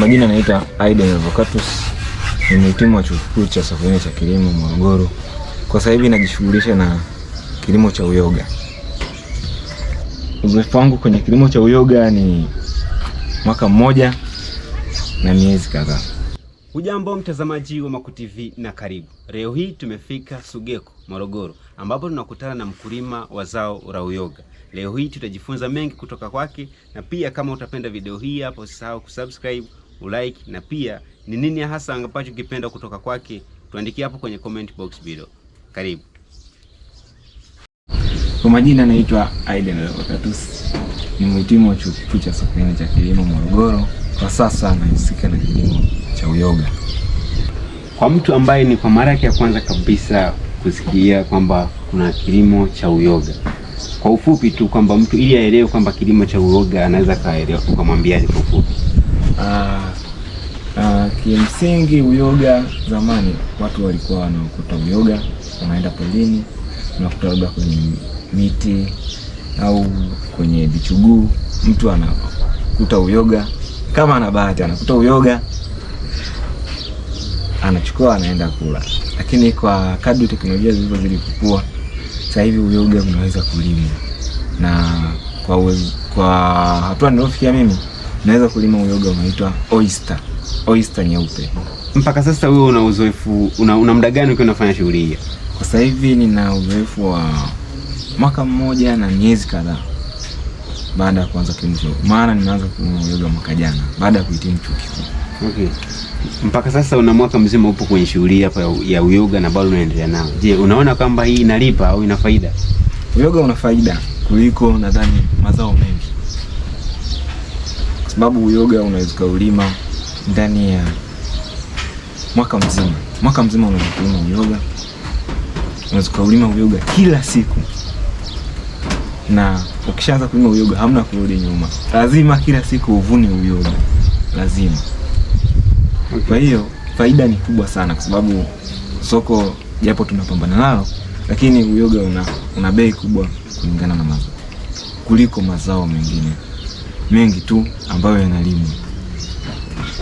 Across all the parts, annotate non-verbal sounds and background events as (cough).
Majina naita Aiden Avocatus, ni mhitimu wa chuo kikuu cha Sokoine cha kilimo Morogoro. Kwa sasa hivi najishughulisha na kilimo cha uyoga. Uzoefu wangu kwenye kilimo cha uyoga ni mwaka mmoja na miezi kadhaa. Hujambo mtazamaji wa Maco TV na karibu. Leo hii tumefika Sugeko Morogoro, ambapo tunakutana na mkulima wa zao la uyoga. Leo hii tutajifunza mengi kutoka kwake, na pia kama utapenda video hii hapo, usisahau kusubscribe ulike na pia ni nini hasa ambacho kipenda kutoka kwake, tuandikie hapo kwenye comment box below. Karibu. Kwa majina naitwa Aiden Lokatus, ni mhitimu wa chuo kikuu cha Sokoine cha kilimo Morogoro. Kwa sasa anahusika na kilimo cha uyoga. Kwa mtu ambaye ni kwa mara yake ya kwanza kabisa kusikia kwamba kuna kilimo cha uyoga, kwa ufupi tu kwamba mtu ili aelewe kwamba kilimo cha uyoga anaweza kaelewa, ukamwambiaje kwa ufupi? Ah, ah, kimsingi uyoga zamani watu walikuwa wanaokuta uyoga, wanaenda polini, unakuta labda kwenye miti au kwenye vichuguu. Mtu anakuta uyoga, kama ana bahati anakuta uyoga, anachukua anaenda kula. Lakini kwa kadri teknolojia zilivyozidi kukua, sasa hivi uyoga unaweza kulimwa na kwa, kwa hatua niliofikia mimi naweza kulima uyoga unaitwa oyster, oyster nyeupe. Mpaka sasa wewe una uzoefu una, una muda gani ukiwa unafanya shughuli hii? Kwa sasa hivi nina uzoefu wa mwaka mmoja na miezi kadhaa baada ya kuanza kilimo cha uyoga, maana nimeanza kulima uyoga mwaka jana baada ya kuhitimu chuo kikuu. Okay. Mpaka sasa una mwaka mzima upo kwenye shughuli hapa ya uyoga na bado unaendelea nao. Je, unaona kwamba hii inalipa au ina faida? Uyoga una faida kuliko nadhani mazao mengi kwa sababu uyoga unaweza ukaulima ndani ya mwaka mzima. Mwaka mzima unaweza kulima uyoga, unaweza ukaulima uyoga kila siku, na ukishaanza kulima uyoga hamna kurudi nyuma, lazima kila siku uvune uyoga, lazima. Kwa hiyo faida ni kubwa sana, kwa sababu soko japo tunapambana nalo, lakini uyoga una, una bei kubwa kulingana na mazao kuliko mazao mengine mengi tu ambayo yanalimwa.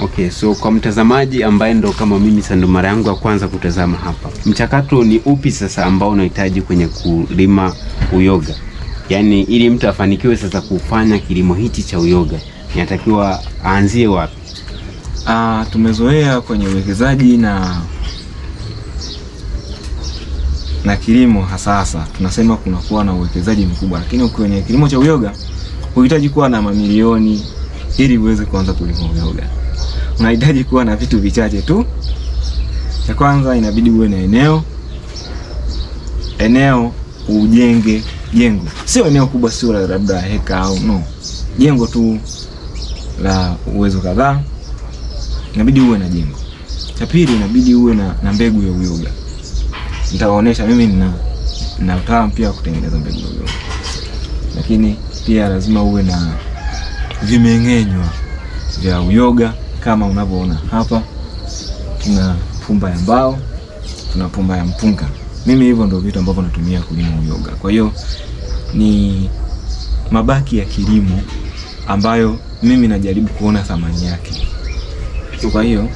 Okay, so kwa mtazamaji ambaye ndo kama mimi sando mara yangu ya kwanza kutazama hapa, mchakato ni upi sasa ambao unahitaji kwenye kulima uyoga? Yaani ili mtu afanikiwe sasa kufanya kilimo hichi cha uyoga inatakiwa aanzie wapi? Ah, tumezoea kwenye uwekezaji na na kilimo hasa hasa tunasema kunakuwa na uwekezaji mkubwa, lakini kwenye kilimo cha uyoga Unahitaji kuwa na mamilioni ili uweze kuanza kulima uyoga. Unahitaji kuwa na vitu vichache tu. Cha kwanza, inabidi uwe na eneo, eneo ujenge jengo, sio eneo kubwa, sio la labda heka au no, jengo tu la uwezo kadhaa. Inabidi uwe na jengo. Cha pili, inabidi uwe na, na mbegu ya uyoga. Nitawaonesha mimi nina na utaalamu pia wa kutengeneza mbegu ya uyoga, lakini pia lazima uwe na vimeng'enywa vya uyoga kama unavyoona hapa. Tuna pumba ya mbao, tuna pumba ya mpunga. Mimi hivyo ndio vitu ambavyo natumia kulima uyoga. Kwa hiyo ni mabaki ya kilimo ambayo mimi najaribu kuona thamani yake. Kwa hiyo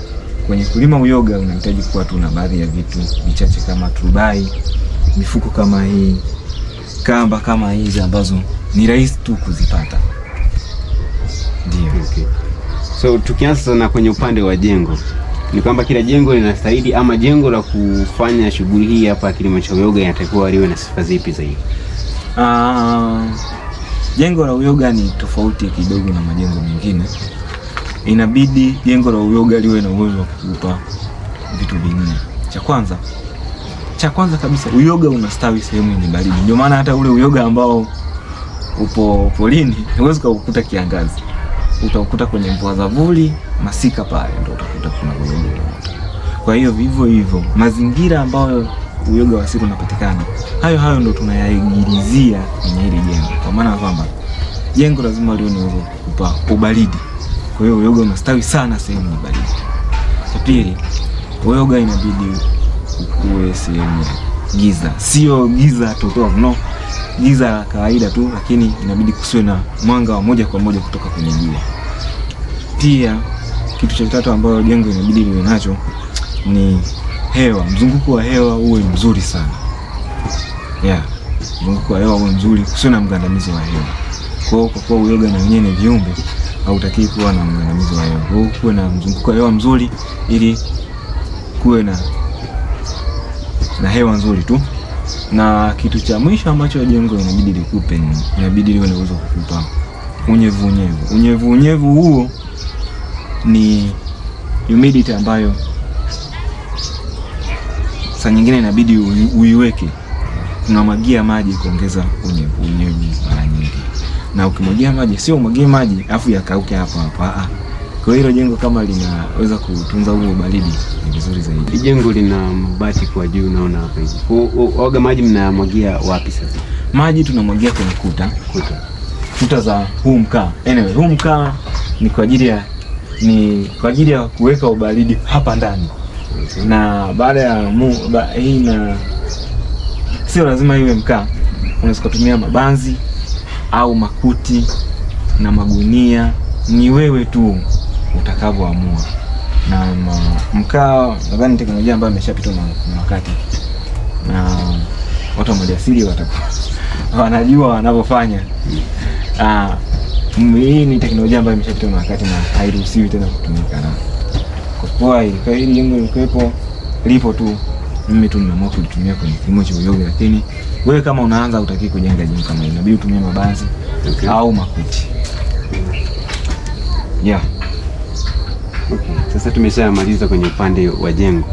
kwenye kulima uyoga unahitaji kuwa tu na baadhi ya vitu vichache kama turubai, mifuko kama hii, kamba kama hizi ambazo ni rahisi tu kuzipata. Ndio. Okay. So tukianza sana kwenye upande wa jengo ni kwamba kila jengo linastahili ama jengo la kufanya shughuli hii hapa cha uyoga inatakiwa liwe na sifa zipi zaidi? Uh, jengo la uyoga ni tofauti kidogo na majengo mengine. Inabidi jengo la uyoga liwe na uwezo wa kukupa vitu vingine Cha kwanza, cha kwanza kabisa uyoga unastawi sehemu yenye baridi, ndio maana hata ule uyoga ambao upo polini, huwezi kukuta kiangazi, utakuta kwenye mvua za vuli masika pale ndio utakuta kuna uyoga Kwa hiyo vivyo hivyo mazingira ambayo uyoga wa asili unapatikana hayo hayo ndio tunayaigilizia kwenye hili jengo, kwa maana kwamba jengo lazima liwe niweze kupa ubaridi. Kwa hiyo uyoga unastawi sana sehemu ya baridi. Cha pili, uyoga inabidi ukue sehemu ya giza, sio giza totovu no giza la kawaida tu, lakini inabidi kusiwe na mwanga wa moja kwa moja kutoka kwenye jua. Pia kitu cha tatu ambayo jengo inabidi liwe nacho ni hewa, mzunguko wa hewa uwe mzuri sana yeah. Mzunguko wa hewa uwe mzuri, kusiwe na mgandamizi wa hewa. Kwa hiyo kwa kuwa uyoga na wenyewe ni viumbe, hautakii kuwa na mgandamizi wa hewa. Kwa hiyo kuwe na mzunguko wa hewa mzuri, ili kuwe na na hewa nzuri tu na kitu cha mwisho ambacho jengo inabidi likupe ni inabidi liwe na uwezo kukupa unyevu unyevu unyevu unyevu. Huo ni humidity ambayo saa nyingine inabidi uiweke. Tunamwagia maji kuongeza unyevu unyevu mara nyingi, na ukimwagia maji sio umwagie maji afu yakauke hapo hapo, ah kwa hiyo jengo kama linaweza kutunza huo baridi ni vizuri zaidi. Jengo lina mabati kwa juu, naona hapa hivi. Oga maji mnayamwagia wapi sasa? Maji tunamwagia kwenye kuta, kuta, kuta za huu mkaa. Anyway, huu mkaa ni kwa ajili ya ni kwa ajili ya kuweka ubaridi hapa ndani, na baada ya ba, hii na sio lazima iwe mkaa, unaweza kutumia mabanzi au makuti na magunia, ni wewe tu utakavyoamua na mkaa. Nadhani teknolojia ambayo ameshapitwa na wakati na watu wa maliasili watakuwa wanajua wanavyofanya. Ah, hii ni teknolojia ambayo imeshapitwa na wakati na hairuhusiwi tena kutumika, na kwa kuwa hili lengo lilikuwepo, lipo tu mimi tu nimeamua kulitumia kwenye kilimo cha uyoga, lakini wewe kama unaanza utaki kujenga jengo kama hili, inabidi utumie mabanzi okay, au makuti yeah. Sasa tumeshamaliza kwenye upande wa jengo,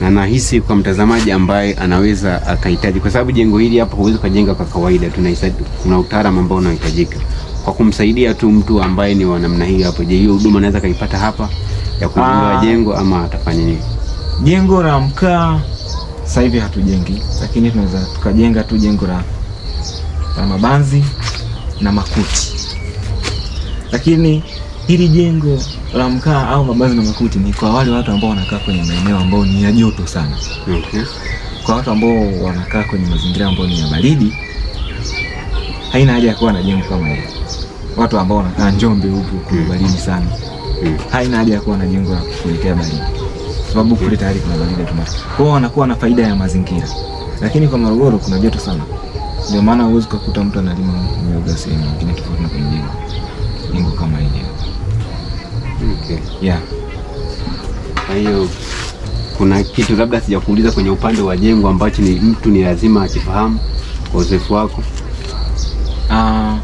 na nahisi kwa mtazamaji ambaye anaweza akahitaji, kwa sababu jengo hili hapa huwezi ukajenga kwa kawaida, kuna utaalamu ambao unahitajika kwa kumsaidia tu mtu ambaye ni wa namna hii hapo. Je, hiyo huduma anaweza kaipata hapa ya kununua ah. jengo ama atafanya nini? Jengo la mkaa sasa hivi hatujengi, lakini tunaweza tukajenga tu jengo la mabanzi na makuti, lakini Hili jengo la mkaa au mabazi na makuti ni kwa wale watu ambao wanakaa kwenye maeneo ambayo ni ya joto sana. Okay. Kwa watu ambao wanakaa kwenye mazingira ambayo ni ya baridi, haina haja ya kuwa na jengo kama hili. Watu ambao wanakaa Njombe huku kuna mm. baridi sana, mm. haina haja ya kuwa na jengo la kufunikia baridi, sababu kule tayari kuna baridi tu. Kwa hiyo wanakuwa na faida ya mazingira, lakini kwa Morogoro kuna joto sana, ndio maana huwezi kukuta mtu analima mioga sehemu nyingine tofauti na kwenye jengo kama hili. Okay. Yeah. Kwa hiyo kuna kitu labda sijakuuliza kwenye upande wa jengo ambacho ni mtu ni lazima akifahamu kwa uzoefu wako? Uh,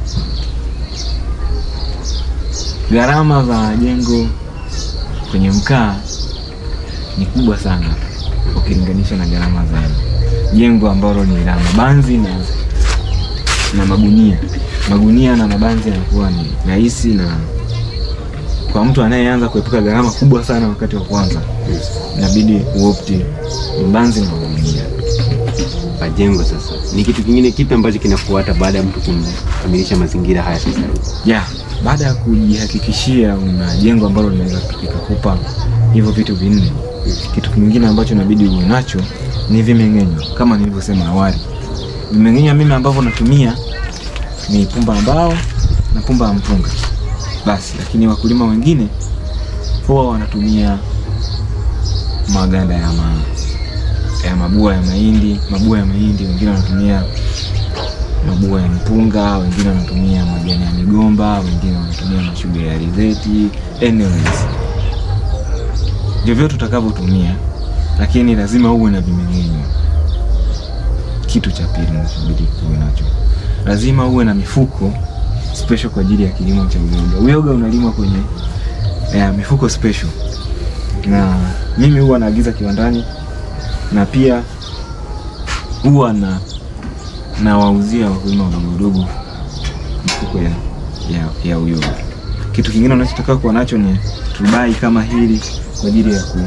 gharama za jengo kwenye mkaa ni kubwa sana ukilinganisha na gharama za jengo ambalo ni la mabanzi na, na magunia. Magunia na mabanzi yanakuwa ni rahisi na kwa mtu anayeanza kuepuka gharama kubwa sana wakati wa kwanza, inabidi uopti Mbanzi na Mwanamija. Majengo sasa ni kitu kingine kipi ambacho kinafuata baada ya mtu kukamilisha mazingira haya sasa Yeah, baada ya kujihakikishia una jengo ambalo linaweza kupa hivyo vitu vinne, kitu kingine ambacho inabidi uwe nacho ni vimeng'enyo, kama nilivyosema awali. Vimeng'enyo mimi ambavyo natumia ni pumba ambao na pumba ya mpunga basi, lakini wakulima wengine huwa wanatumia maganda ya, ma, ya mabua ya mahindi, mabua ya mahindi, wengine wanatumia mabua ya mpunga, wengine wanatumia majani ya migomba, wengine wanatumia mashuga ya alizeti. Anyways, vyovyote utakavyotumia, lakini lazima uwe na vimeng'enyo. Kitu cha pili inabidi kuwe nacho, lazima uwe na mifuko special kwa ajili ya kilimo cha uyoga. Uyoga unalimwa kwenye eh, mifuko special, na mimi huwa naagiza kiwandani na pia huwa na nawauzia wakulima wadogo wadogo mifuko ya, ya, ya uyoga. Kitu kingine unachotaka kuwa nacho ni tubai kama hili kwa ajili ya ku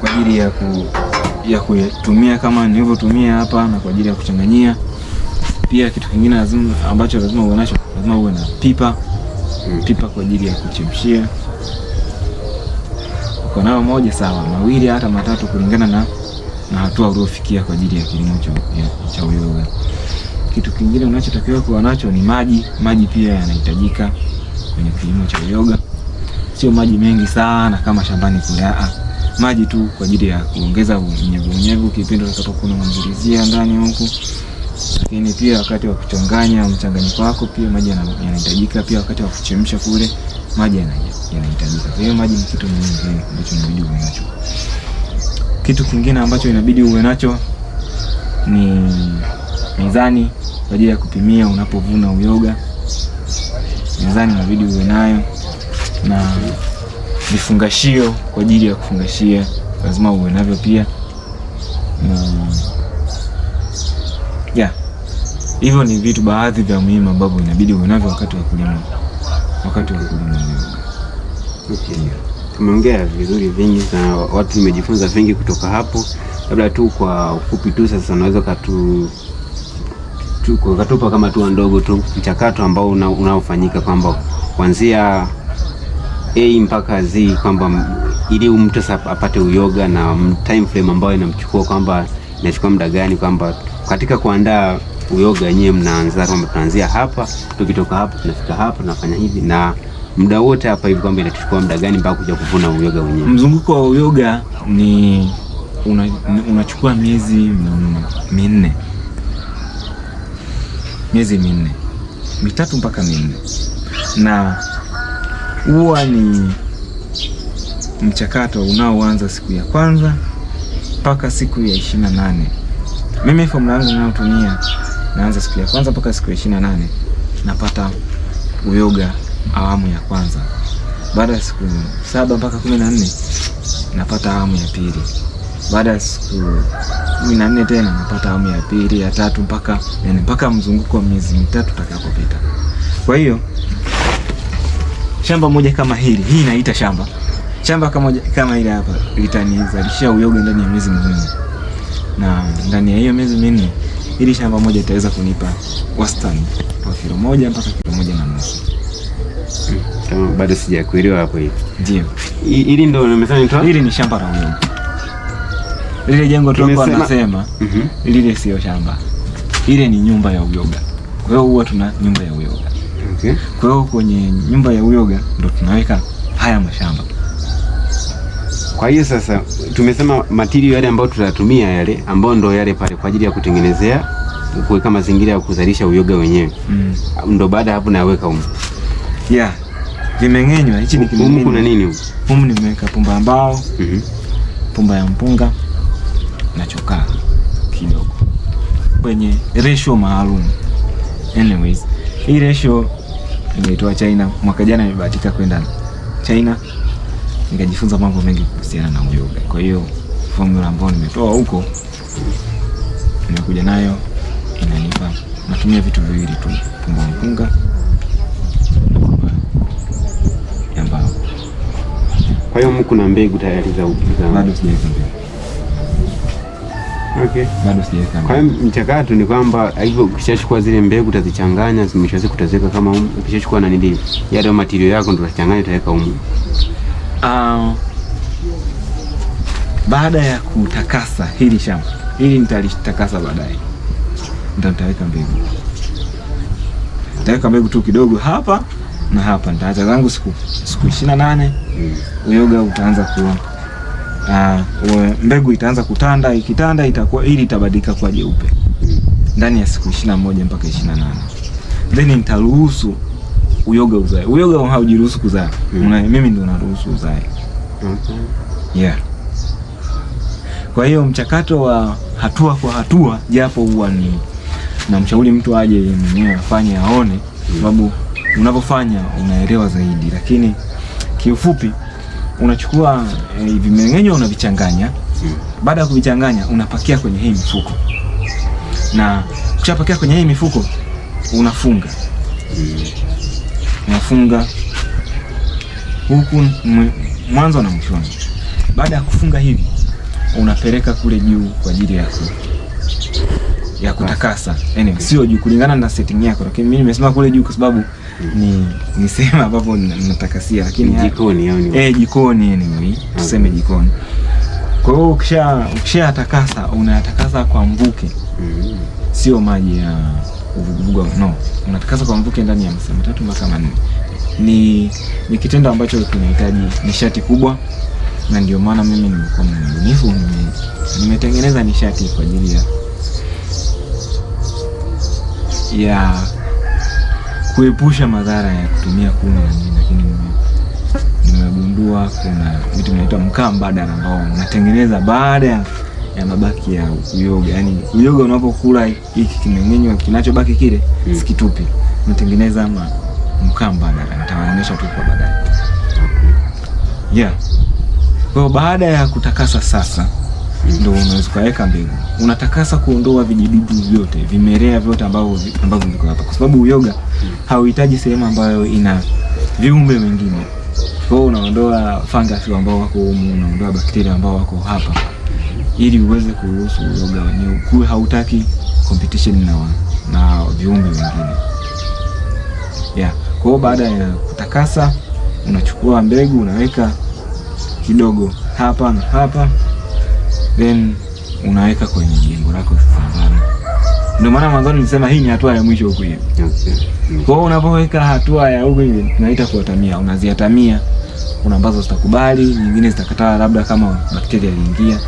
kwa ajili ya ku ya kutumia kama nilivyotumia hapa na kwa ajili ya kuchanganyia pia kitu kingine lazima ambacho lazima uwe nacho, lazima uwe na pipa mm. pipa kwa ajili ya kuchemshia. Uko nao moja sawa, mawili hata matatu, kulingana na na hatua uliofikia kwa ajili ya kilimo cha uyoga. Kitu kingine unachotakiwa kuwa nacho ni maji. Maji pia yanahitajika kwenye kilimo cha uyoga, sio maji mengi sana kama shambani kule, a maji tu kwa ajili ya kuongeza unyevu unyevu kipindi utakapokuwa unamwagilizia ndani huku lakini pia wakati wa kuchanganya mchanganyiko wako, pia maji yanahitajika. Pia wakati wa kuchemsha kule maji yanahitajika. Kwa hiyo maji ni kitu muhimu ambacho inabidi uwe nacho. Kitu kingine ambacho inabidi uwe nacho ni mizani kwa ajili ya kupimia unapovuna uyoga. Mizani inabidi uwe nayo na vifungashio kwa ajili ya kufungashia lazima uwe navyo pia na yeah. Hivyo ni vitu baadhi vya muhimu ambavyo inabidi uwe navyo wakati wa kulima, wakati wa kulima. Okay. Tumeongea vizuri vingi na watu nimejifunza vingi kutoka hapo. Labda tu kwa ufupi tu, sasa unaweza katu ukatupa kama tu ndogo tu mchakato ambao unaofanyika kwamba kuanzia A mpaka Z, kwamba ili mtu apate uyoga na time frame ambayo inamchukua kwamba inachukua muda gani, kwamba katika kuandaa uyoga wenyewe mnaanza kwamba tunaanzia hapa, tukitoka hapa tunafika hapa, tunafanya hivi na muda wote hapa hivi, kwamba inachukua muda gani mpaka kuja kuvuna uyoga wenyewe. Mzunguko wa uyoga ni unachukua una miezi minne, miezi minne mitatu mpaka minne, na huwa ni mchakato unaoanza siku ya kwanza mpaka siku ya ishirini na nane. Mimi formula yangu ninayotumia naanza siku ya kwanza mpaka siku ya ishirini na nane napata uyoga awamu ya kwanza. Baada ya siku saba mpaka kumi na nne napata awamu ya pili. Baada ya siku kumi na nne tena napata awamu ya pili, ya tatu mpaka yani mpaka mzunguko wa miezi mitatu utakapopita. Kwa hiyo shamba moja kama hili, hii naita shamba shamba kama, kama ile hapa litanizalishia uyoga ndani ya miezi minne, na ndani ya hiyo miezi minne hili shamba moja itaweza kunipa wastani wa kilo moja mpaka kilo moja na nusu. Hmm, bado sijakuelewa hapo. Hivi ndio hili ndio nimesema nitoa, hili ni shamba la uyoga. Lile jengo tulikuwa tunasema mm -hmm. lile sio shamba, ile ni nyumba ya uyoga. Kwa hiyo huwa tuna nyumba ya uyoga okay. Kwa hiyo kwenye nyumba ya uyoga ndo tunaweka haya mashamba. Kwa hiyo sasa tumesema material yale ambayo tutatumia yale ambayo ndo yale pale kwa ajili ya kutengenezea kuweka mazingira ya kuzalisha uyoga wenyewe mm. Ndo baada hapo naweka umu yeah. Kimeng'enywa hichi ni kimeng'enywa. Kuna nini huko? Umu nimeweka pumba ambao mm -hmm. Pumba ya mpunga na chokaa kidogo kwenye ratio maalum. Anyways, hii ratio nimeitoa China mwaka jana, nimebahatika kwenda China nikajifunza mambo mengi kuhusiana na uyoga. Kwa hiyo formula ambayo nimetoa huko nimekuja nayo inanipa, natumia vitu viwili tu, pumba mpunga ya mbao. Kwa hiyo mko na mbegu tayari za uyoga? Bado sijaweka mbegu. Okay. Bado sijaweka. Kwa hiyo mchakato ni kwamba hivyo ukishachukua zile mbegu utazichanganya, zimeshaweza kutazeka siku utaziweka kama ukishachukua na nini yale material yako ndio utachanganya utaweka huko. Ah. baada ya kutakasa hili shamba hili, nitalitakasa baadaye, ndio nitaweka mbegu, nitaweka mbegu tu kidogo hapa na hapa. Nitaacha zangu siku siku ishirini na nane uyoga utaanza kuwa ah, uh, mbegu itaanza kutanda. Ikitanda itakuwa ili itabadilika kuwa jeupe ndani ya siku ishirini na moja mpaka ishirini na nane then nitaruhusu uyoga uzae. Uyoga haujiruhusu kuzaa mm. Mimi ndo naruhusu uzae mm-hmm. yeah. Kwa hiyo mchakato wa hatua kwa hatua, japo huwa ni namshauri mtu aje mwenyewe afanye aone, sababu unapofanya unaelewa zaidi, lakini kiufupi unachukua eh, vimeng'enywa unavichanganya. Mm. Baada ya kuvichanganya, unapakia kwenye hii mifuko, na ukishapakia kwenye hii mifuko unafunga. Mm nafunga huku mwanzo na mwishoni. Baada ya kufunga hivi, unapeleka kule juu kwa ajili ya ya kutakasa, yani sio juu kulingana na setting yako, lakini mimi nimesema kule juu kwa sababu ni ni sema ambapo natakasia, lakini jikoni yani eh, jikoni anyway, tuseme jikoni. Kwa hiyo ukisha ukisha atakasa, unayatakasa kwa mvuke, mm-hmm. sio maji ya uvuguvugu no, unatakaza kwa mvuke ndani ya masaa matatu mpaka manne. Ni, ni kitendo ambacho kinahitaji nishati kubwa, na ndio maana mimi nimekuwa mbunifu, nimetengeneza nishati kwa ajili ya ya kuepusha madhara ya kutumia kuni na nini, lakini nimegundua kuna vitu vinaitwa mkaa mbadala ambao unatengeneza baada ya ya mabaki ya uyoga. Yani uyoga unapokula hiki kimeng'enywa, kinachobaki kile mm. sikitupi, natengeneza ama mkamba, na nitawaonyesha tu kwa baadaye yeah. Kwa baada ya kutakasa sasa hmm. ndio unaweza kuweka mbegu. Unatakasa kuondoa vijidudu vyote, vimelea vyote ambavyo ambavyo viko hapa, kwa sababu uyoga hmm. hauhitaji sehemu ambayo ina viumbe wengine. Kwa hiyo unaondoa fungus ambao wako humu, unaondoa bakteria ambao wako hapa ili uweze kuruhusu uyoga wenyewe, ukue, hautaki competition na, wa, na viumbe wengine yeah. Kwa hiyo baada ya kutakasa, unachukua mbegu unaweka kidogo hapa na hapa, then unaweka kwenye jengo lako tambarare. Ndio maana mwanzoni nilisema hii ni hatua ya mwisho huku hivi. Kwa hiyo unapoweka hatua ya huku hiyo tunaita kuatamia, unaziatamia kuna ambazo zitakubali, nyingine zitakataa, labda kama bakteria iliingia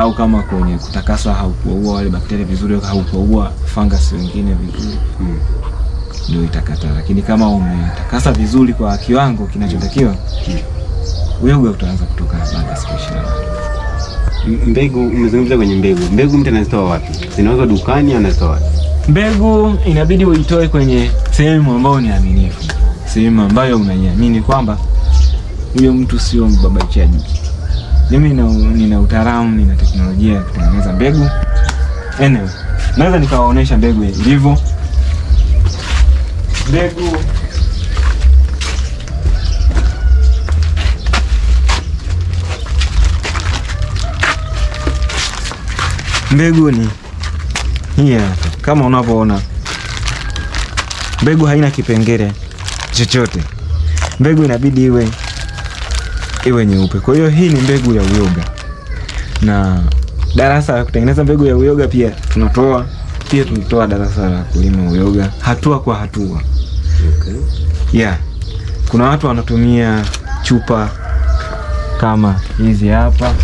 au kama kwenye kutakaswa haukuwaua wale bakteria vizuri, haukuwaua fungus wengine vizuri mm. itakata, lakini kama umetakasa vizuri kwa kiwango kinachotakiwa mm. uyoga utaanza kutoka baada ya siku ishirini Mbegu umezungumza kwenye mbegu, mbegu mtu anazitoa wapi? Zinauzwa dukani, anazitoa wapi? Mbegu inabidi uitoe kwenye sehemu ambayo ni aminifu, sehemu ambayo unaiamini kwamba huyo mtu sio mbabaichaji mimi nina utaalamu, nina teknolojia ya kutengeneza mbegu. Anyway, naweza nikawaonyesha mbegu ilivyo. Mbegu mbegu ni hii hapa, kama unavyoona, mbegu haina kipengele chochote. Mbegu inabidi iwe iwe nyeupe. Kwa hiyo hii ni mbegu ya uyoga, na darasa la kutengeneza mbegu ya uyoga pia tunatoa pia tunatoa darasa la kulima uyoga hatua kwa hatua. Okay. Yeah. Kuna watu wanatumia chupa kama hizi hapa,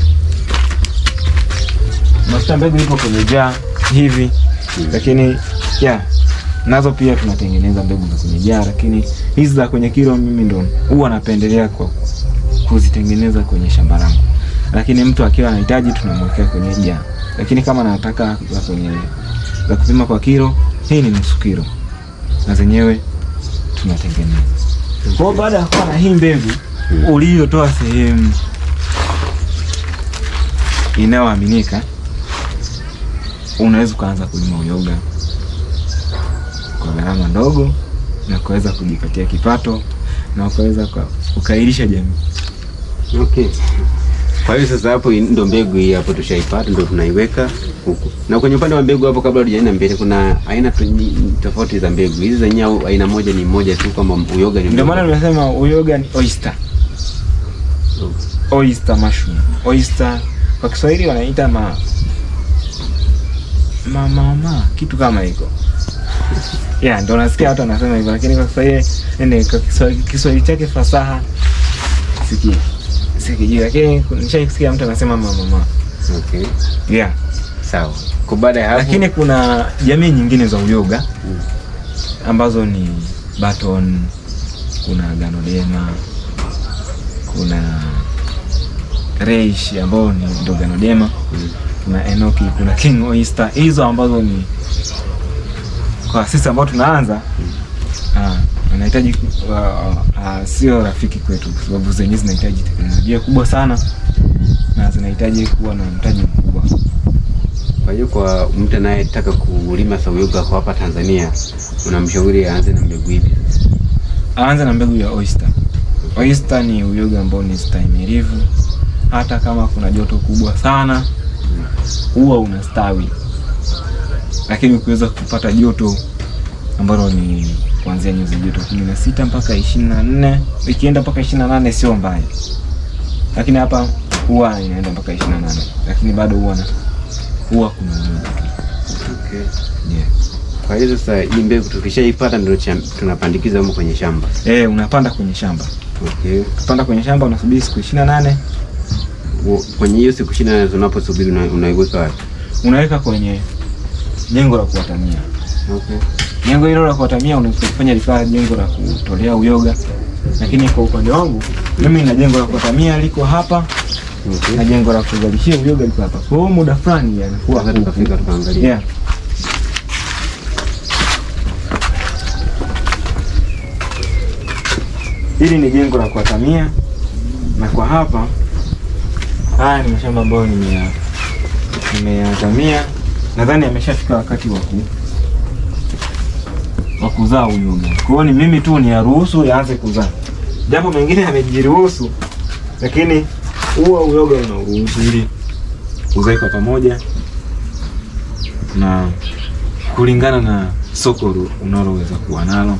mafuta mbegu ipo kwenye jaa hivi, hmm. lakini yeah, nazo pia tunatengeneza mbegu za kwenye jaa, lakini hizi za kwenye kilo mimi ndo huwa napendelea kwa kuzitengeneza kwenye shamba langu. Lakini mtu akiwa anahitaji tunamwekea kwenye jaa, lakini kama anataka za kwenye za kupima kwa kilo, hii ni nusu kilo na zenyewe tunatengeneza. Kwa hiyo baada ya kuwa na hii mbegu hmm. uliyotoa sehemu inayoaminika, unaweza ukaanza kulima uyoga kwa gharama ndogo na kuweza kujipatia kipato na ukaweza ukailisha jamii. Okay. Kwa hiyo sasa hapo ndo mbegu hii hapo tushaipata, ndo tunaiweka huku. Na kwenye upande wa mbegu hapo, kabla hujaenda mbele, kuna aina tofauti za mbegu hizi zenye Aina moja ni moja tu, kama uyoga ni, ndio maana nimesema uyoga ni oyster. Oh. Oyster mushroom. Oyster kwa Kiswahili wanaita ma mama ma, kitu kama hiko (laughs) yeah, ndo nasikia watu wanasema hivyo, lakini kwa Kiswahili eh, nene, kwa Kiswahili chake fasaha sikia sikijui, lakini nishaisikia mtu anasema mama mama. Okay. Yeah. Sawa. Baada ya hapo, lakini kuna jamii nyingine za uyoga mm. ambazo ni Baton, kuna Ganodema, kuna Reish ambao ni ndo Ganodema, mm. kuna Enoki, kuna King Oyster, hizo ambazo ni kwa sisi ambao tunaanza mm. ah anahitaji uh, uh, sio rafiki kwetu, kwa sababu zenye zinahitaji teknolojia kubwa sana na zinahitaji kuwa na mtaji mkubwa. Kwa hiyo kwa mtu anayetaka kulima sauyuga kwa hapa Tanzania, unamshauri aanze na mbegu ipi? Aanze na mbegu ya oyster. Oyster ni uyoga ambao ni stahimilivu, hata kama kuna joto kubwa sana huwa unastawi, lakini ukiweza kupata joto ambalo ni kuanzia nyuzi joto 16 mpaka 24, ikienda mpaka 28 sio mbaya, lakini hapa huwa inaenda mpaka 28, lakini bado huwa na huwa kuna okay. yeah. Kwa hiyo sasa hii mbegu tukishaipata ndio tunapandikiza huko kwenye shamba eh, unapanda kwenye shamba okay. Panda kwenye shamba unasubiri siku 28. kwenye hiyo siku 28 unaposubiri unaiweka wapi? Unaweka kwenye jengo la kuwatania okay. Jengo hilo la kuatamia unaweza kufanya likawa jengo la kutolea uyoga, lakini kwa upande wangu mimi na jengo la kuatamia liko hapa okay. na jengo la kuzalishia uyoga liko hapa. Kwa hiyo muda fulani yanakuwa hata tukafika tukaangalia. Yeah. Hili ni jengo la kuatamia na kwa hapa, haya ni mashamba ambayo nimeyatamia, nadhani ameshafika wakati wa wa kuzaa uyoga. Kwa hiyo ni mimi tu ni aruhusu yaanze kuzaa, japo mengine yamejiruhusu, lakini huo uyoga unauruhusu ili uzae kwa pamoja na kulingana na soko unaloweza kuwa nalo.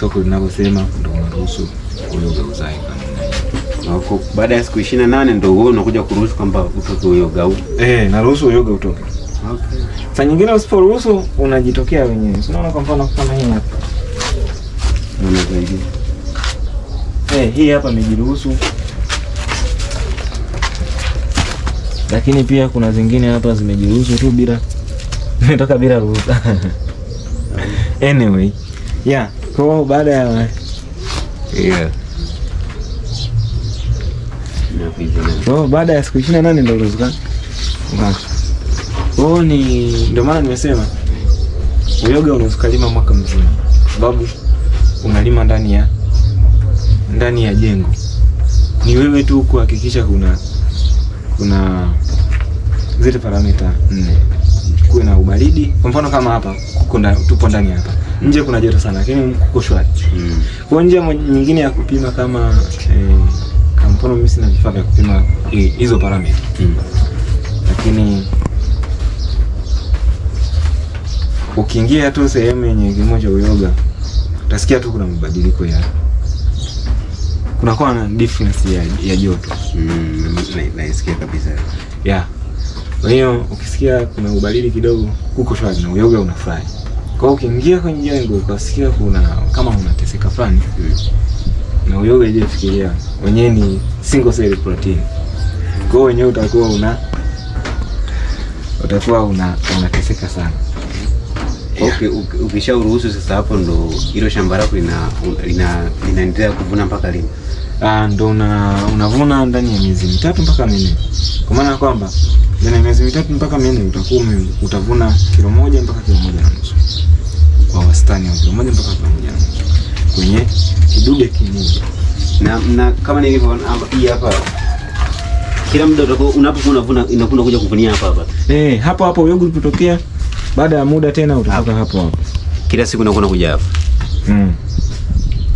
Soko linavyosema ndio unaruhusu uyoga uzae baada ya siku ishirini na nane ndio wewe unakuja kuruhusu kwamba utoke uyoga huu. Eh, naruhusu uyoga utoke. Okay. Saa nyingine usiporuhusu unajitokea wenyewe. Unaona kwa mfano kama hii hapa. Eh, hii hapa imejiruhusu. Lakini pia kuna zingine hapa zimejiruhusu tu bila (laughs) imetoka bila ruhusa. (laughs) Anyway. Yeah, kwa baada ya Yeah. Kwa baada ya siku 28 ndio ruhusa. ruzuka. Kwao ni ndio maana nimesema uyoga unaweza kulima mwaka mzima, sababu unalima ndani ya ndani ya jengo. Ni wewe tu kuhakikisha kuna kuna zile paramita nne, kuwe na ubaridi. Kwa mfano kama hapa kuna tupo ndani hapa, nje kuna joto sana, lakini kuko shwari mm. Kwa njia nyingine ya kupima kama eh, kama mfano mimi sina vifaa vya kupima hizo eh, paramita mm. lakini ukiingia tu sehemu yenye kilimo cha uyoga utasikia tu kuna mabadiliko ya kunakuwa na difference ya, ya joto mm, naisikia na kabisa yeah. Kwa hiyo ukisikia kuna ubadili kidogo huko shwari na uyoga unafurahi. Kwa hiyo ukiingia kwenye jengo ukasikia kuna kama unateseka fulani mm. na uyoga je, fikiria wenyewe ni single cell protein, kwa hiyo wenyewe utakuwa una utakuwa una unateseka sana Okay, eh, uruhusu sasa, hapo ndo hilo shamba lako linaendelea kuvuna mpaka lini? Ah, ndo una, unavuna ndani ya miezi mitatu mpaka minne, kwa maana ya kwamba ndani ya miezi mitatu mpaka minne utakuwa utavuna kilo moja mpaka kilo moja na nusu kwa wastani wa kilo moja mpaka kilo moja na nusu kwenye kidude kimoja, na, na kama nilivyo hii hapa kila muda unapokuwa unavuna inakuwa kuja kuvunia hapa hapa eh, hapo hapo uyoga ulipotokea baada ya muda tena utatoka ah. hapo hapo. Kila siku nakuwa nakuja hapo. mm.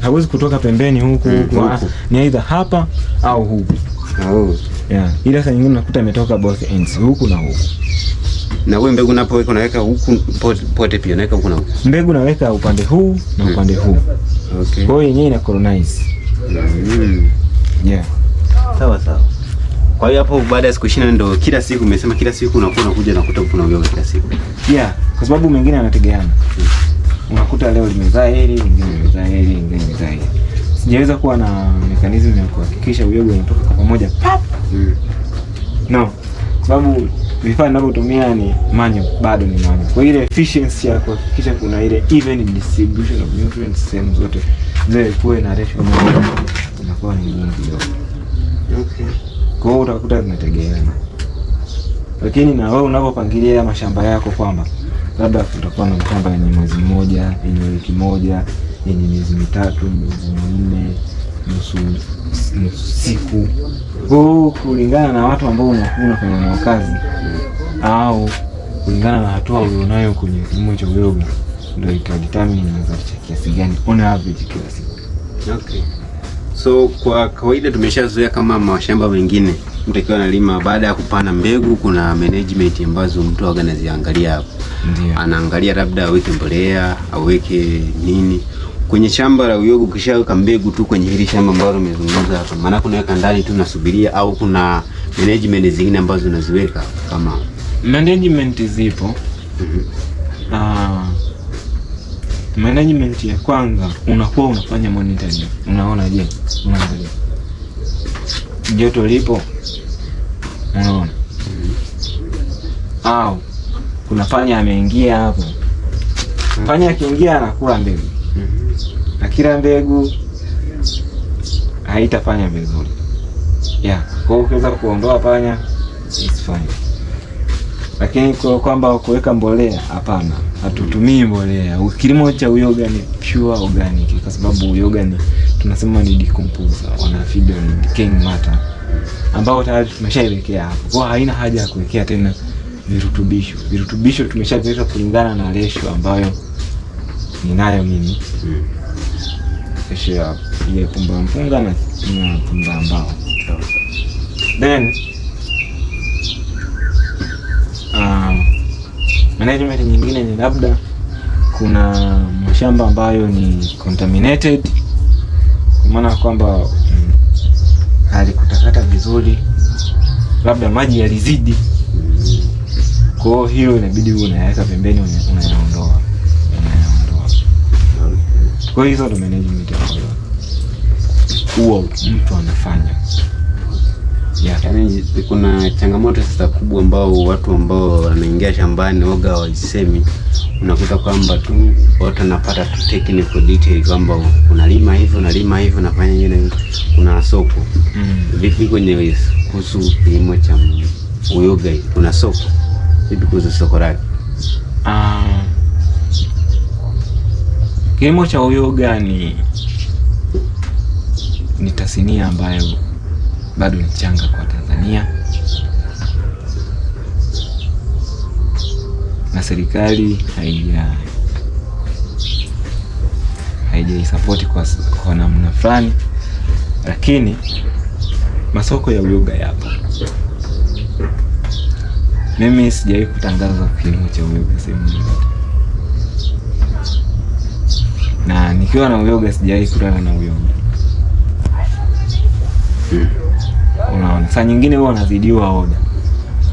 Hawezi kutoka pembeni huku mm, huku. ni aidha hapa au huku oh. Yeah. Ila saa nyingine nakuta imetoka both ends huku na huku na wewe mbegu unapoweka unaweka huku pote pia unaweka huku na huku. Mbegu naweka upande huu na hmm. upande huu. Okay. Kwa hiyo yenyewe ina colonize. Mm. Yeah. Sawa sawa. Kwa hiyo hapo baada ya siku 20 ndio kila siku umesema kila siku unakuwa unakuja na kutoka kuna uyoga kila siku. Yeah, kwa sababu mengine yanategeana. Hmm. Unakuta leo limezaa heri, lingine limezaa heri, lingine limezaa heri. Sijaweza kuwa na mekanizmu ya kuhakikisha uyoga unatoka kwa pamoja. Pap. Mm. No. Kwa Sababu vifaa ninavyotumia ni manyo, bado ni manyo. Kwa ile efficiency ya kuhakikisha kuna ile even distribution of nutrients sehemu zote. Zile kuwe na ratio moja. Inakuwa ni ngumu kidogo. Okay. Kwa hiyo utakuta tunategeana, lakini na wewe unapopangilia mashamba yako kwamba labda tutakuwa na mashamba yenye mwezi mmoja, yenye wiki moja, yenye miezi mitatu, miezi minne, nusu siku, kwa kulingana na watu ambao unakuna kwenye nao kazi au kulingana na hatua ulionayo kwenye kilimo cha uyoga ndio itadetermine inazalisha kiasi gani on average kila siku. Okay. So kwa kawaida tumeshazoea kama mashamba mengine, mtu akiwa analima, baada ya kupanda mbegu, kuna management ambazo mtu aga anaziangalia hapo, anaangalia labda aweke mbolea, aweke nini kwenye shamba la uyogo. Ukishaweka mbegu tu kwenye hili shamba ambalo nimezungumza hapa, maana kunaweka ndani tu nasubiria, au kuna management zingine ambazo unaziweka kama management zipo. mm -hmm. ah Management ya kwanza unakuwa unafanya monitoring. Unaona je? Unaangalia joto lipo, unaona mm -hmm. Au kuna panya ameingia hapo. Panya akiingia anakula mbegu mm -hmm. Akila mbegu haitafanya vizuri ya Kwa ukiweza kuondoa panya fine, lakini kwa kwamba kuweka mbolea hapana hatutumii mbolea. Kilimo cha uyoga ni pure organic, kwa sababu uyoga ni tunasema ni decomposer, wana feed on decaying matter ambao tayari tumeshaiwekea hapo, kwa haina haja ya kuwekea tena virutubisho. Virutubisho tumeshaviweka kulingana na ratio ambayo ninayo mimi hmm. ya ile pumba mpunga na pumba ambao then um, Management nyingine ni labda kuna mashamba ambayo ni contaminated, kwa maana kwamba mm, halikutakata vizuri, labda maji yalizidi. Kwa hiyo inabidi inabidi unayaweka pembeni, unayaondoa unayaondoa. Kwa hiyo hizo ndo management ambayo huwa mtu anafanya. Yeah. Yaani, kuna changamoto sasa kubwa ambao watu ambao wanaingia shambani woga waisemi, unakuta kwamba tu watu wanapata tu technical detail kwamba unalima hivi unalima hivi unafanya hivi kuna soko mm. Vipi kwenye kuhusu kilimo cha uyoga kuna soko vipi kuhusu soko lake? Um, kilimo cha uyoga ni ni tasnia ambayo bado ni changa kwa Tanzania, na serikali haija haijaisapoti kwa, kwa namna fulani, lakini masoko ya uyoga yapo. Mimi sijawahi kutangaza kilimo cha uyoga sehemu yoyote, na nikiwa na uyoga sijawahi kutana na uyoga hmm. Unaona, saa nyingine huwa unazidiwa oda.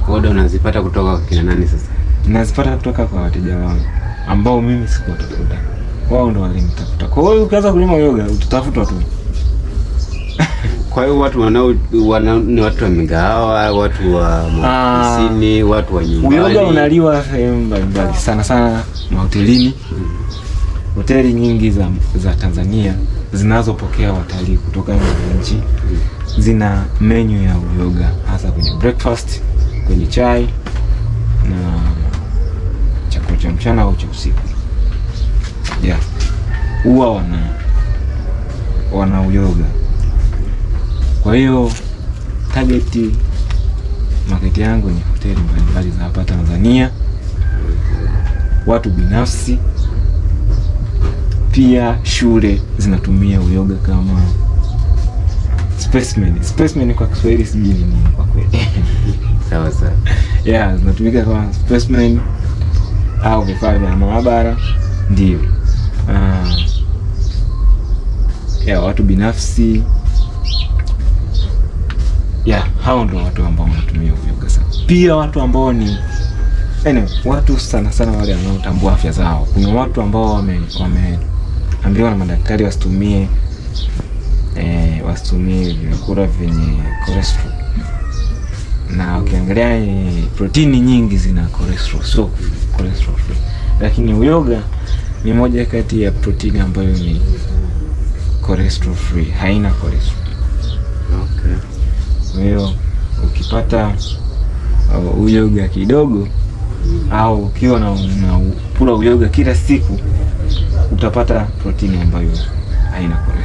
Oda unazipata kutoka kwa kina nani sasa? Nazipata kutoka kwa wateja wangu ambao mimi sikutafuta, wao ndo walinitafuta. Kwa hiyo ukianza kulima yoga utatafutwa tu. (laughs) Kwa hiyo watu wanao wana, ni watu wa migahawa, watu wa ofisini, ah. watu wa nyumbani. Uyoga unaliwa sehemu mbalimbali sana sana mahotelini. Hmm. Hoteli nyingi za, za Tanzania zinazopokea watalii kutoka nje ya nchi hmm zina menu ya uyoga hasa kwenye breakfast, kwenye chai na chakula cha mchana au cha usiku. Yeah, huwa wana wana uyoga. Kwa hiyo target market yangu ni hoteli mbalimbali za hapa Tanzania, watu binafsi, pia shule zinatumia uyoga kama Specimen. Specimen kwa Kiswahili sijui ni nini kwa kweli. Sawa sawa. Yeah, zinatumika kama specimen au vifaa vya maabara ndio. Uh, ah, ya watu binafsi ya yeah, hao ndio watu ambao wanatumia uyoga sana. Pia watu ambao ni anyway, watu sana sana wale wanaotambua afya zao. Kuna watu ambao wameambiwa wame na madaktari wasitumie e, wasitumie vyakula vyenye cholesterol na ukiangalia eh, protini nyingi zina cholesterol, so cholesterol free, lakini uyoga ni moja kati ya protini ambayo ni cholesterol free, haina cholesterol. Okay. Kwa hiyo ukipata uh, uyoga kidogo au ukiwa na unakula uyoga kila siku utapata protini ambayo haina cholesterol.